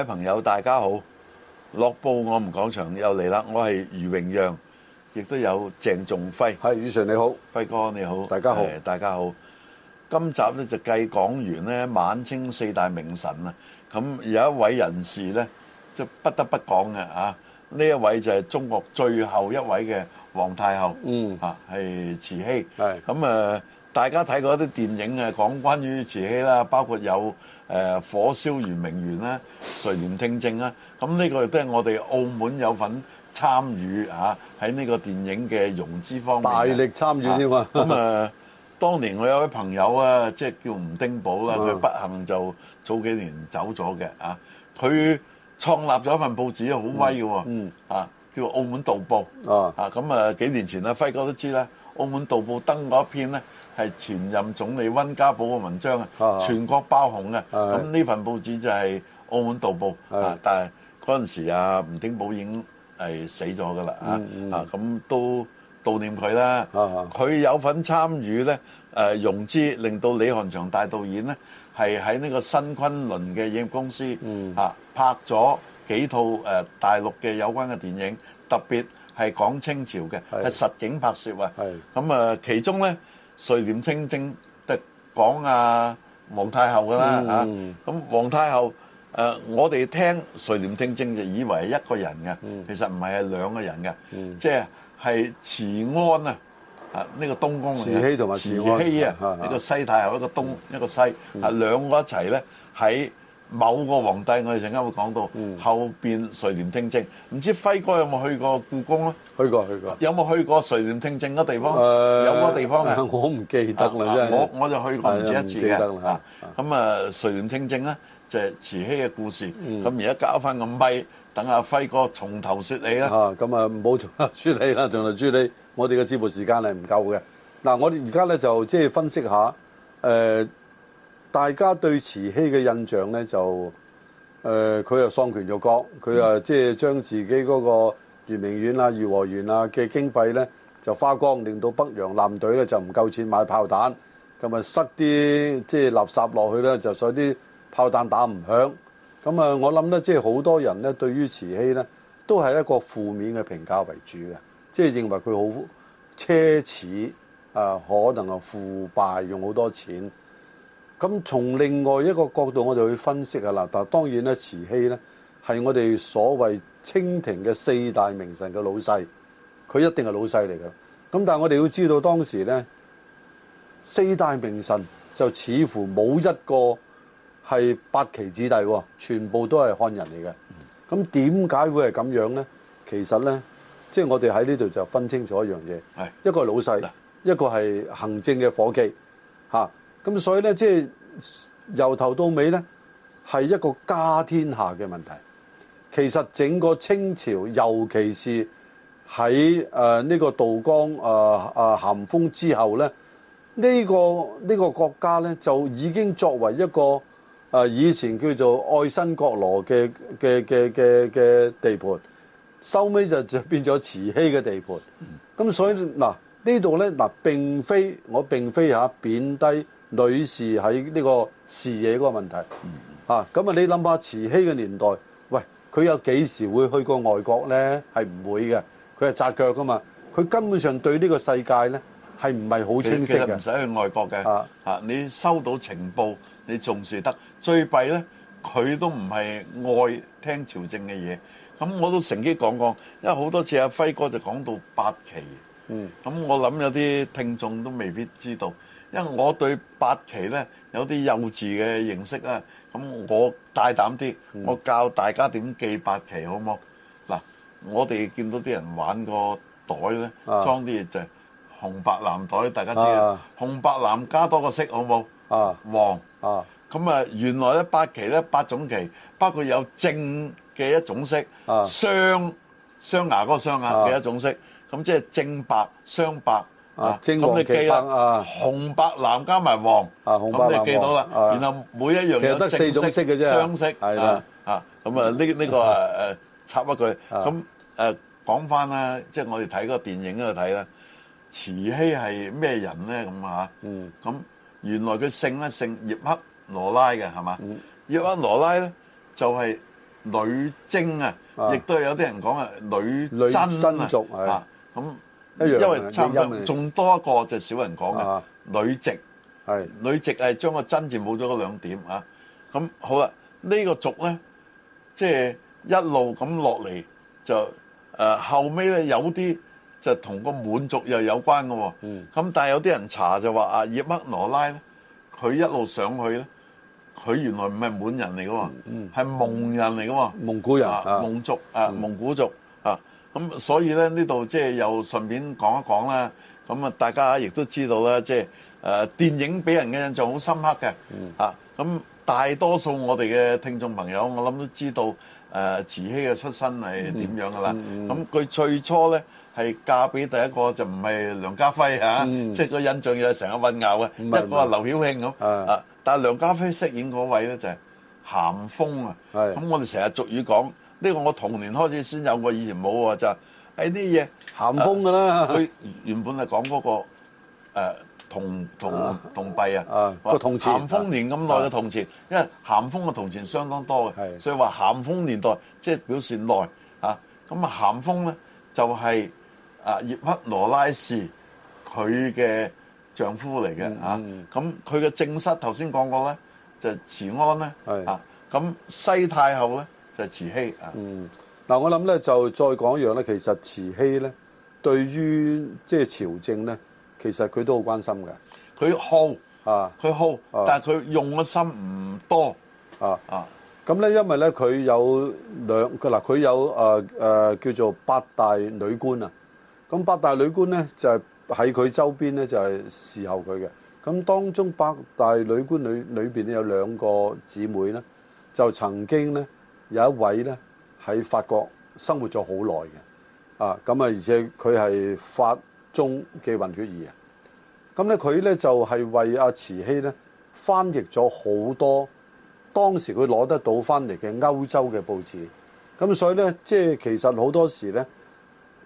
各位朋友，大家好！樂報我唔講場又嚟啦，我係余榮讓，亦都有鄭仲輝。係宇臣你好，輝哥你好，大家好，大家好。今集咧就繼講完咧晚清四大名臣啊，咁有一位人士咧，就不得不講嘅啊，呢一位就係中國最後一位嘅皇太后，嗯啊係慈禧，係咁啊。大家睇過一啲電影啊，講關於慈禧啦，包括有誒、呃《火燒圓明園》啦，啊《垂簾聽政》啦，咁呢個亦都係我哋澳門有份參與啊，喺呢個電影嘅融資方面大力參與添啊！咁啊，當年我有位朋友啊，即、嗯、係、嗯嗯嗯嗯嗯嗯嗯、叫吳丁寶啦，佢不幸就早幾年走咗嘅啊。佢創立咗一份報紙啊，好威嘅喎，啊叫《澳門道報澳門導報》啊，咁、嗯嗯、啊、嗯、幾年前啦，輝哥都知啦，《澳門導報》登嗰一篇咧。啊係前任總理溫家寶嘅文章啊，全國包紅嘅，咁呢份報紙就係《澳門導報》啊。但係嗰陣時啊，吳丁寶已經係死咗嘅啦啊啊！咁都悼念佢啦。佢有份參與咧，誒融資，令到李翰祥大導演咧係喺呢個新崑崙嘅影業公司啊拍咗幾套誒大陸嘅有關嘅電影，特別係講清朝嘅係實景拍攝啊。咁啊，其中咧。垂簾聽政，得、就、講、是、啊，皇太后噶啦嚇。咁、嗯、皇、啊、太后，誒、呃、我哋聽垂簾聽政就以為係一個人嘅、嗯，其實唔係係兩個人嘅、嗯，即係係慈安啊，啊、這、呢個東宮。慈禧同埋慈，慈禧啊，呢個西太后、嗯，一個東，一個西，啊兩個一齊咧喺。某個皇帝，我哋陣間會講到後邊垂簾聽政，唔知輝哥有冇去過故宮咧？去過，去過。有冇去過垂簾聽政嗰地方？呃、有個地方我唔記得啦。我我就去過唔止一次嘅嚇。咁啊，垂簾聽政咧就係、是、慈禧嘅故事。咁而家交翻個咪，等阿輝哥從頭説理啦。啊，咁啊，唔好從頭説理啦，從頭説理，我哋嘅節目時間係唔夠嘅。嗱、啊，我哋而家咧就即係分析下，誒、呃。大家對慈禧嘅印象呢，就，誒，佢又喪權辱國，佢啊即係將自己嗰個圓明園、啊、頤和園啊嘅經費呢，就花光，令到北洋艦隊呢，就唔夠錢買炮彈，咁啊塞啲即係垃圾落去呢，就所以啲炮彈打唔響。咁啊，我諗呢，即係好多人呢，對於慈禧呢，都係一個負面嘅評價為主嘅，即係認為佢好奢侈啊，可能係腐敗用好多錢。咁從另外一個角度，我哋去分析啊啦。但當然咧，慈禧咧係我哋所謂清廷嘅四大名臣嘅老細，佢一定係老細嚟噶。咁但係我哋要知道當時咧，四大名臣就似乎冇一個係八旗子弟喎，全部都係漢人嚟嘅。咁點解會係咁樣咧？其實咧，即係我哋喺呢度就分清楚一樣嘢，一個係老細，一個係行政嘅伙計吓。咁所以咧，即係由頭到尾咧，係一個家天下嘅問題。其實整個清朝，尤其是喺誒呢個道光、誒誒咸豐之後咧，呢、呢個呢、呢個國家咧，就已經作為一個誒、呃、以前叫做愛新覺羅嘅嘅嘅嘅嘅地盤，收尾就就變咗慈禧嘅地盤。咁、嗯、所以嗱，呢度咧嗱，並非我並非下、啊、貶低。女士喺呢個視野嗰個問題，咁、嗯、啊！你諗下慈禧嘅年代，喂，佢有幾時會去過外國咧？係唔會嘅，佢係紮腳噶嘛。佢根本上對呢個世界咧係唔係好清晰。其實唔使去外國嘅、啊，你收到情報，你仲算得最弊咧，佢都唔係愛聽朝政嘅嘢。咁我都乘機講講，因為好多次阿、啊、輝哥就講到八旗，嗯，咁我諗有啲聽眾都未必知道。因為我對八旗咧有啲幼稚嘅認識啊，咁我大膽啲，我教大家點記八旗好冇？嗱，我哋見到啲人玩個袋咧，裝啲嘢就係紅白藍袋，大家知啊。紅白藍加多個色好冇？啊，黃啊，咁啊原來咧八旗咧八種旗，包括有正嘅一種色，雙雙牙嗰個雙牙嘅一種色，咁即係正白、雙白。啊，咁你記啦、啊，紅白藍加埋黃，咁、啊、你記到啦、啊。然後每一樣嘢，都係四種色嘅啫，雙色，係啦，啊，咁啊呢呢、嗯啊嗯這個誒誒、啊、插一句，咁誒、啊啊、講翻啦，即係我哋睇嗰個電影嗰度睇啦，慈禧係咩人咧？咁、嗯、啊咁原來佢姓咧姓葉赫羅拉嘅係嘛，葉赫、嗯嗯、羅拉咧就係、是、女真啊，亦、啊、都有啲人講女女真，女真族啊，咁。一樣因為差唔多，仲多一個就少人講嘅、啊、女直。係女直，係將個真字冇咗嗰兩點啊。咁好啦，呢、這個族咧，即、就、係、是、一路咁落嚟就誒、呃、後尾咧有啲就同個滿族又有關嘅喎、啊。咁、嗯、但係有啲人查就話啊，葉赫那拉咧，佢一路上去咧，佢原來唔係滿人嚟嘅喎，係、嗯、蒙人嚟嘅喎，蒙古人、蒙、啊、族啊，蒙古族、嗯、啊。咁所以咧呢度即係又順便講一講啦。咁啊，大家亦都知道咧，即係誒電影俾人嘅印象好深刻嘅。啊，咁大多數我哋嘅聽眾朋友，我諗都知道誒慈禧嘅出身係點樣噶啦。咁佢最初咧係嫁俾第一個就唔係梁家輝嚇，即係個印象又係成日混淆嘅。一個係劉曉慶咁啊，但係梁家輝飾演嗰位咧就係咸豐啊。咁我哋成日俗語講。呢、這個我童年開始先有過，我以前冇喎，就係啲嘢咸豐嘅啦。佢、啊、原本係講嗰個誒銅銅銅幣啊，個銅錢咸豐年咁耐嘅銅錢，因為咸豐嘅銅錢相當多嘅，的所以話咸豐年代即係表示耐啊。咁啊，咸豐咧就係、是、啊葉赫那拉氏佢嘅丈夫嚟嘅、嗯、啊。咁佢嘅正室頭先講過咧，就慈安咧啊。咁西太后咧。就是、慈禧啊，嗯，嗱，我諗咧就再講一樣咧，其實慈禧咧對於即係朝政咧，其實佢都好關心嘅，佢好，好，啊，佢好，但係佢用嘅心唔多啊啊，咁、啊、咧、啊、因為咧佢有兩，嗱佢有誒誒、呃呃、叫做八大女官啊，咁八大女官咧就喺、是、佢周邊咧就係、是、侍候佢嘅，咁當中八大女官裏裏邊咧有兩個姊妹咧，就曾經咧。有一位咧喺法國生活咗好耐嘅，啊，咁啊，而且佢係法中嘅混血兒啊。咁咧，佢咧就係為阿慈禧咧翻譯咗好多當時佢攞得到翻嚟嘅歐洲嘅報紙。咁所以咧，即係其實好多時咧，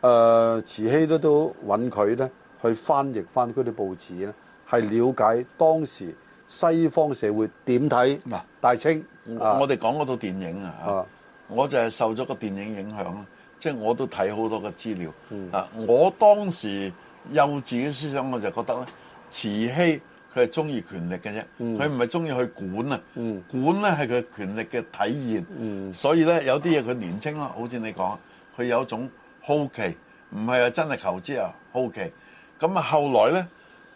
誒慈禧咧都揾佢咧去翻譯翻嗰啲報紙咧，係了解當時西方社會點睇大清。啊、我哋講嗰套電影啊，我就係受咗個電影影響咯，即係我都睇好多個資料啊、嗯！我當時幼稚嘅思想我就覺得咧，慈禧佢係中意權力嘅啫，佢唔係中意去管啊、嗯，管咧係佢權力嘅體現、嗯，所以咧有啲嘢佢年青咯、嗯，好似你講，佢有一種好奇，唔係啊真係求知啊好奇，咁啊後來咧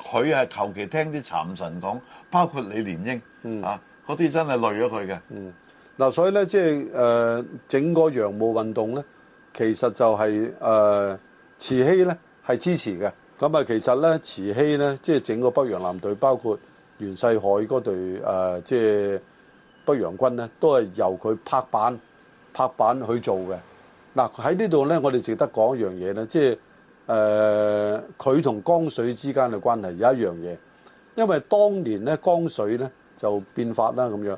佢係求其聽啲讒臣講，包括李蓮英、嗯、啊。嗰啲真係累咗佢嘅。嗯，嗱，所以咧，即係誒，整個洋務運動咧，其實就係誒慈禧咧係支持嘅。咁啊，其實咧，慈禧咧，即係整個北洋艦隊，包括袁世凱嗰隊誒，即係北洋軍咧，都係由佢拍板拍板去做嘅。嗱，喺呢度咧，我哋值得講一樣嘢咧，即係誒佢同江水之間嘅關係有一樣嘢，因為當年咧江水咧。就變法啦咁樣，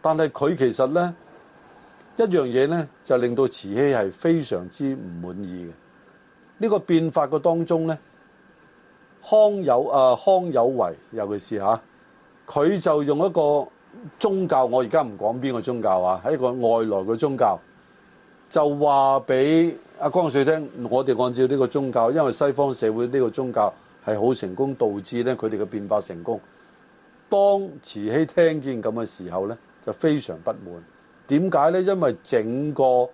但係佢其實呢一樣嘢呢，就令到慈禧係非常之唔滿意嘅。呢個變法嘅當中呢，康有啊康有為尤其是下，佢就用一個宗教，我而家唔講邊個宗教啊，喺一個外來嘅宗教，就話俾阿光緒聽，我哋按照呢個宗教，因為西方社會呢個宗教係好成功，導致呢，佢哋嘅變法成功。當慈禧聽見咁嘅時候呢，就非常不滿。點解呢？因為整個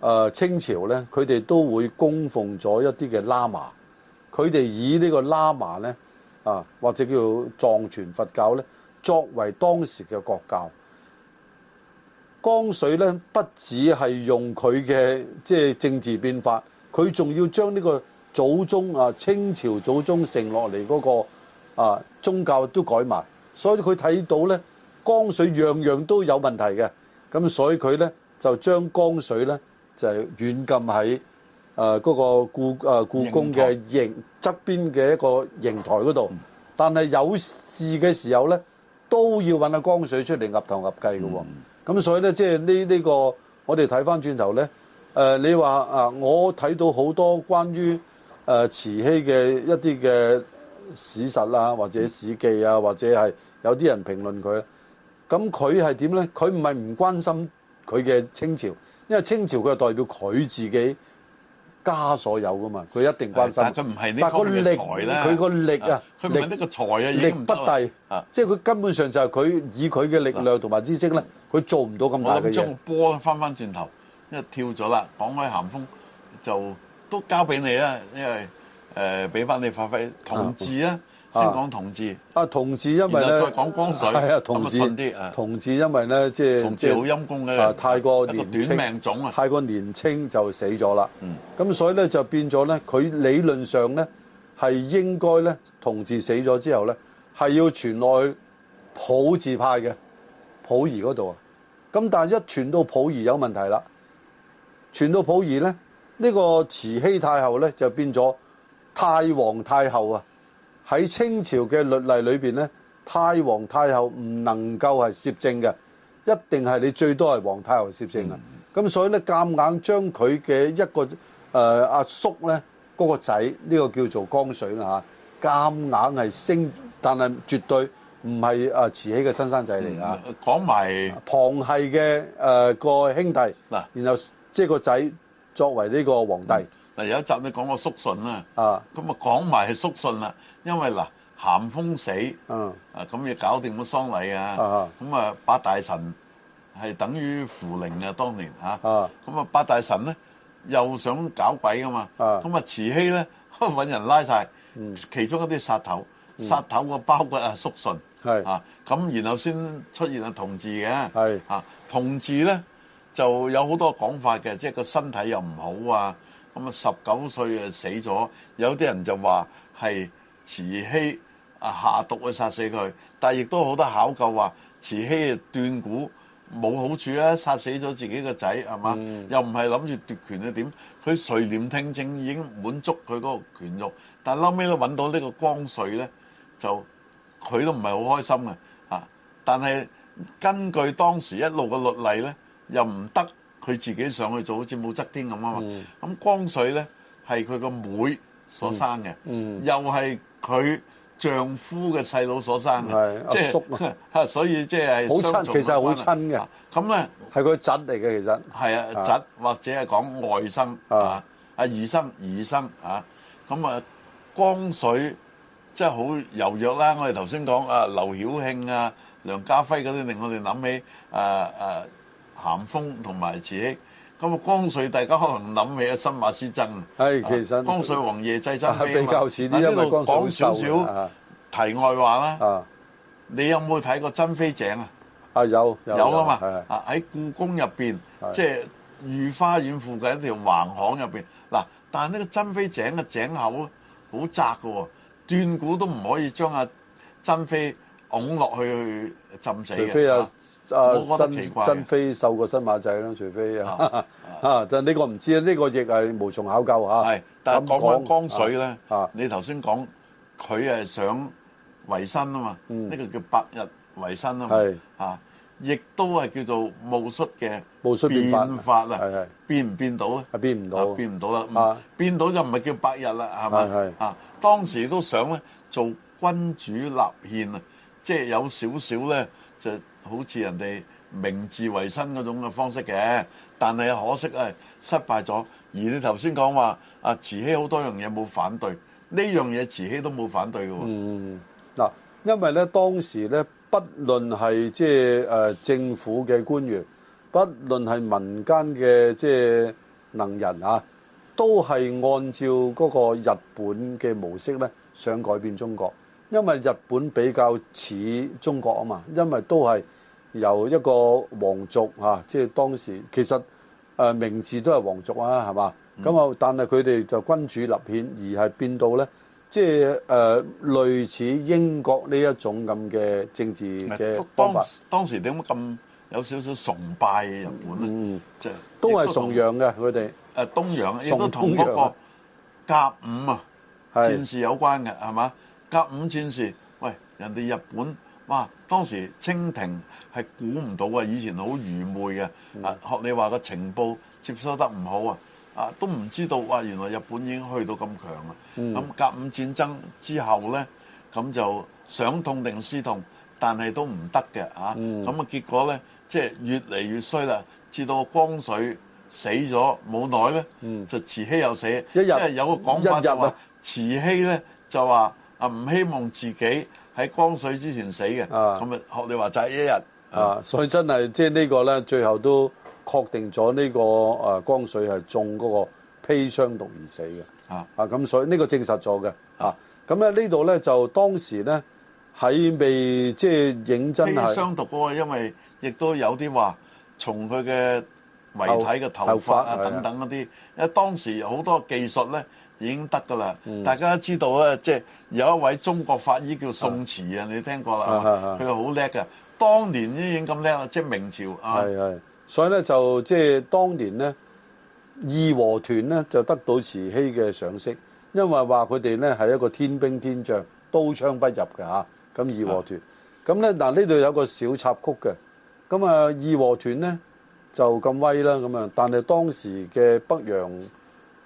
誒清朝呢，佢哋都會供奉咗一啲嘅喇嘛。佢哋以呢個喇嘛呢，啊，或者叫藏傳佛教呢，作為當時嘅國教。光緒呢，不止係用佢嘅即係政治變法，佢仲要將呢個祖宗啊清朝祖宗承落嚟嗰個宗教都改埋。所以佢睇到咧，江水樣樣都有問題嘅，咁所以佢咧就將江水咧就軟禁喺誒嗰個故誒、呃、故宮嘅營側邊嘅一個瀛台嗰度、嗯。但係有事嘅時候咧，都要搵阿江水出嚟鴨頭鴨雞嘅喎。咁、嗯、所以咧，即係呢呢個我哋睇返轉頭咧，誒你話啊，我睇、呃呃、到好多關於誒、呃、慈禧嘅一啲嘅。史實啦、啊，或者史記啊，或者係有啲人評論佢，咁佢係點咧？佢唔係唔關心佢嘅清朝，因為清朝佢係代表佢自己家所有噶嘛，佢一定關心。但佢唔係呢個力啦，佢個力啊，佢力得個財啊，力不大，啊，即係佢根本上就係佢以佢嘅力量同埋知識咧，佢、啊、做唔到咁大嘅嘢。我將個波翻翻轉頭，因為跳咗啦。講開咸豐，就都交俾你啦，因為。誒，俾翻你發揮同治啊！先講同治。啊，同治因為咧，再講光緒，啊，同治，同治因為咧，即係、哎、同治，好陰功嘅，啊，太過年短，太過年青就死咗啦。咁、嗯、所以咧就變咗咧，佢理論上咧係應該咧，同治死咗之後咧係要傳落去溥字派嘅溥儀嗰度啊。咁但係一傳到溥儀有問題啦，傳到溥儀咧呢、呢個慈禧太后咧就變咗。太皇太后。嗱，有一集你講過肅順啊，咁啊講埋係肅順啦，因為嗱咸豐死，啊咁要搞掂個喪禮啊，咁啊，啊八大臣係等於扶靈啊。當年嚇，咁啊，啊八大臣咧又想搞鬼噶嘛，咁啊慈禧咧揾、啊、人拉晒、嗯、其中一啲殺頭，嗯、殺頭嘅包括信、嗯、啊肅順，係啊咁，然後先出現同啊同治嘅，係啊同治咧就有好多講法嘅，即係個身體又唔好啊。咁啊，十九歲啊死咗，有啲人就話係慈禧啊下毒去殺死佢，但係亦都好多考究話慈禧啊斷估冇好處啊，殺死咗自己個仔係嘛，又唔係諗住奪權啊點？佢垂簾聽政已經滿足佢嗰個權慾，但係撈尾都揾到呢個光緒咧，就佢都唔係好開心嘅啊！但係根據當時一路嘅律例咧，又唔得。佢自己上去做好似武則天咁啊嘛，咁光緒咧係佢個妹所生嘅，又係佢丈夫嘅細佬所生嘅，即係叔啊，所以即係好親，其實好親嘅。咁咧係佢侄嚟嘅，其實係啊侄或者係講外甥啊，阿二生二生啊，咁啊光緒即係好柔弱啦。我哋頭先講啊劉曉慶啊、梁家輝嗰啲，令我哋諗起啊啊。咸豐同埋慈禧，咁啊光緒大家可能諗起啊新馬師曾，係其實光緒皇爺珍妃啊比較少啲，因為講少少題外話啦。你有冇睇過珍妃井啊？啊有有啦嘛，啊喺故宮入邊，即係御花園附近一條橫巷入邊。嗱，但係呢個珍妃井嘅井口好窄嘅喎，斷估都唔可以將阿珍妃。拱落去去浸死，除非阿阿珍珍妃瘦過新馬仔啦，除非啊啊，就呢個唔知啦，呢個亦係無從考究嚇。係，但係講翻江水咧，你頭先講佢係想維新啊嘛，呢個叫百日維新啊嘛，啊，亦都係叫做戊戌嘅戊戌變法啊，係係變唔變到咧？係變唔到，變唔到啦。變到就唔係叫百日啦，係咪？啊，當時都想咧做君主立憲啊。即係有少少咧，就好似人哋明治維新嗰種嘅方式嘅，但係可惜係，失敗咗。而你頭先講話啊，慈禧好多樣嘢冇反對，呢樣嘢慈禧都冇反對㗎喎。嗯，嗱，因為咧當時咧，不論係即係誒政府嘅官員，不論係民間嘅即係能人啊，都係按照嗰個日本嘅模式咧，想改變中國。因為日本比較似中國啊嘛，因為都係由一個皇族嚇、啊，即係當時其實誒明治都係皇族啊，係嘛？咁、嗯、啊，但係佢哋就君主立憲，而係變到咧，即係誒、呃、類似英國呢一種咁嘅政治嘅方法。當當時點解咁有少少崇拜嘅日本咧、嗯嗯？即係都係崇洋嘅佢哋誒東洋，亦、啊、都同嗰個甲午啊戰事有關嘅，係嘛？甲午戰事，喂，人哋日本，哇，當時清廷係估唔到啊，以前好愚昧嘅、嗯，啊，學你話個情報接收得唔好啊，啊，都唔知道哇，原來日本已經去到咁強啊，咁甲午戰爭之後咧，咁就想痛定思痛，但係都唔得嘅，啊，咁、嗯、啊結果咧，即、就、係、是、越嚟越衰啦，至到光緒死咗冇耐咧，就慈禧又死，即係有個講法就話慈禧咧就話。唔希望自己喺光緒之前死嘅，咁、啊、學你話齋一日、啊。啊，所以真係即係呢個咧，最後都確定咗呢、呢個、呃、光緒係中嗰個砒霜毒而死嘅。啊啊，咁所以呢、呢個證實咗嘅。啊，咁、啊、咧呢度咧就當時咧喺未即係認真砒霜毒嗰、啊、個，因為亦都有啲話從佢嘅遺體嘅頭髮啊頭髮等等嗰啲、啊，因為當時好多技術咧。已經得噶啦，大家都知道咧，即係有一位中國法醫叫宋慈啊，你聽過啦？佢好叻嘅，當年已經咁叻啦，即係明朝啊。係係，所以咧就即係當年咧，義和團咧就得到慈禧嘅賞識，因為話佢哋咧係一個天兵天將，刀槍不入嘅嚇。咁義和團咁咧嗱，呢度有個小插曲嘅。咁啊，義和團咧就咁威啦，咁啊，但係當時嘅北洋。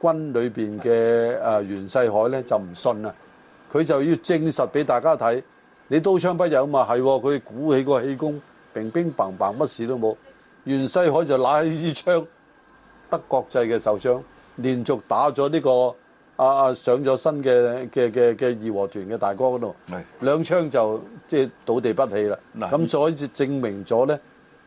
軍裏面嘅，誒、袁世凱咧就唔信啊，佢就要證實俾大家睇，你刀槍不入啊嘛，係，佢鼓起個氣功，乒乒砰砰乜事都冇。袁世凱就拿起支槍，德國製嘅受傷，連續打咗呢個、啊、上咗身嘅嘅嘅嘅義和團嘅大哥嗰度，兩槍就即係倒地不起啦。咁所以就證明咗咧，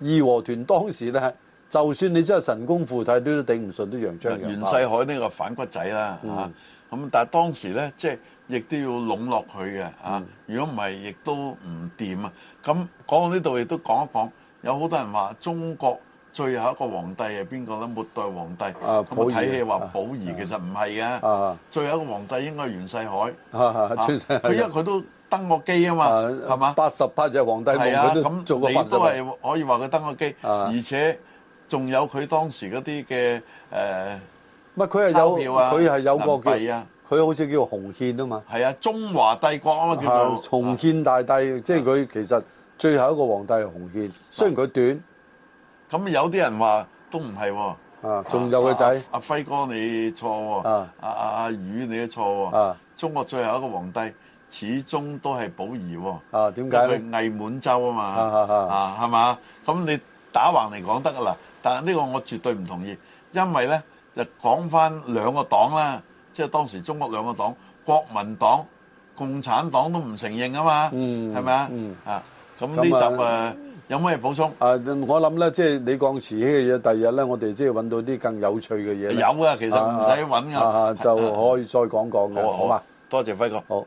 義和團當時咧就算你真係神功附體，都都頂唔順，都楊將嘅。袁世凱呢個反骨仔啦咁、嗯啊、但係當時咧，即係亦都要籠絡佢嘅如果唔係，亦都唔掂啊。咁、嗯啊、講到呢度，亦都講一講。有好多人話中國最後一個皇帝係邊個咧？末代皇帝、啊、我睇戲話溥儀其實唔係嘅。最後一個皇帝應該係袁世凱。佢、啊啊、因為佢都登過基啊嘛，係、啊、嘛？八十八日皇帝係啊，咁你都可以話佢登過基、啊，而且。仲有佢當時嗰啲嘅誒，唔佢係有佢係、啊、有個叫啊，佢好似叫洪憲啊嘛，係啊，中華帝國啊嘛叫做洪憲大帝，啊、即係佢其實最後一個皇帝係洪憲，雖然佢短，咁有啲人話都唔係喎，啊，仲有個仔阿輝哥你錯喎、哦，啊，阿、啊、宇、啊、你都錯喎、哦，啊，中國最後一個皇帝始終都係溥儀喎，啊，點解？佢偽滿洲啊嘛，啊啊係嘛？咁、啊、你打橫嚟講得啊嗱。但係呢個我絕對唔同意，因為咧就講翻兩個黨啦，即係當時中國兩個黨，國民黨、共產黨都唔承認啊嘛，係咪啊？啊，咁呢集誒有咩補充？誒，我諗咧，即係你講慈禧嘅嘢，第二日咧我哋即係揾到啲更有趣嘅嘢。有啊，其實唔使揾噶，就可以再講講嘅。好嘛，多謝輝哥。好。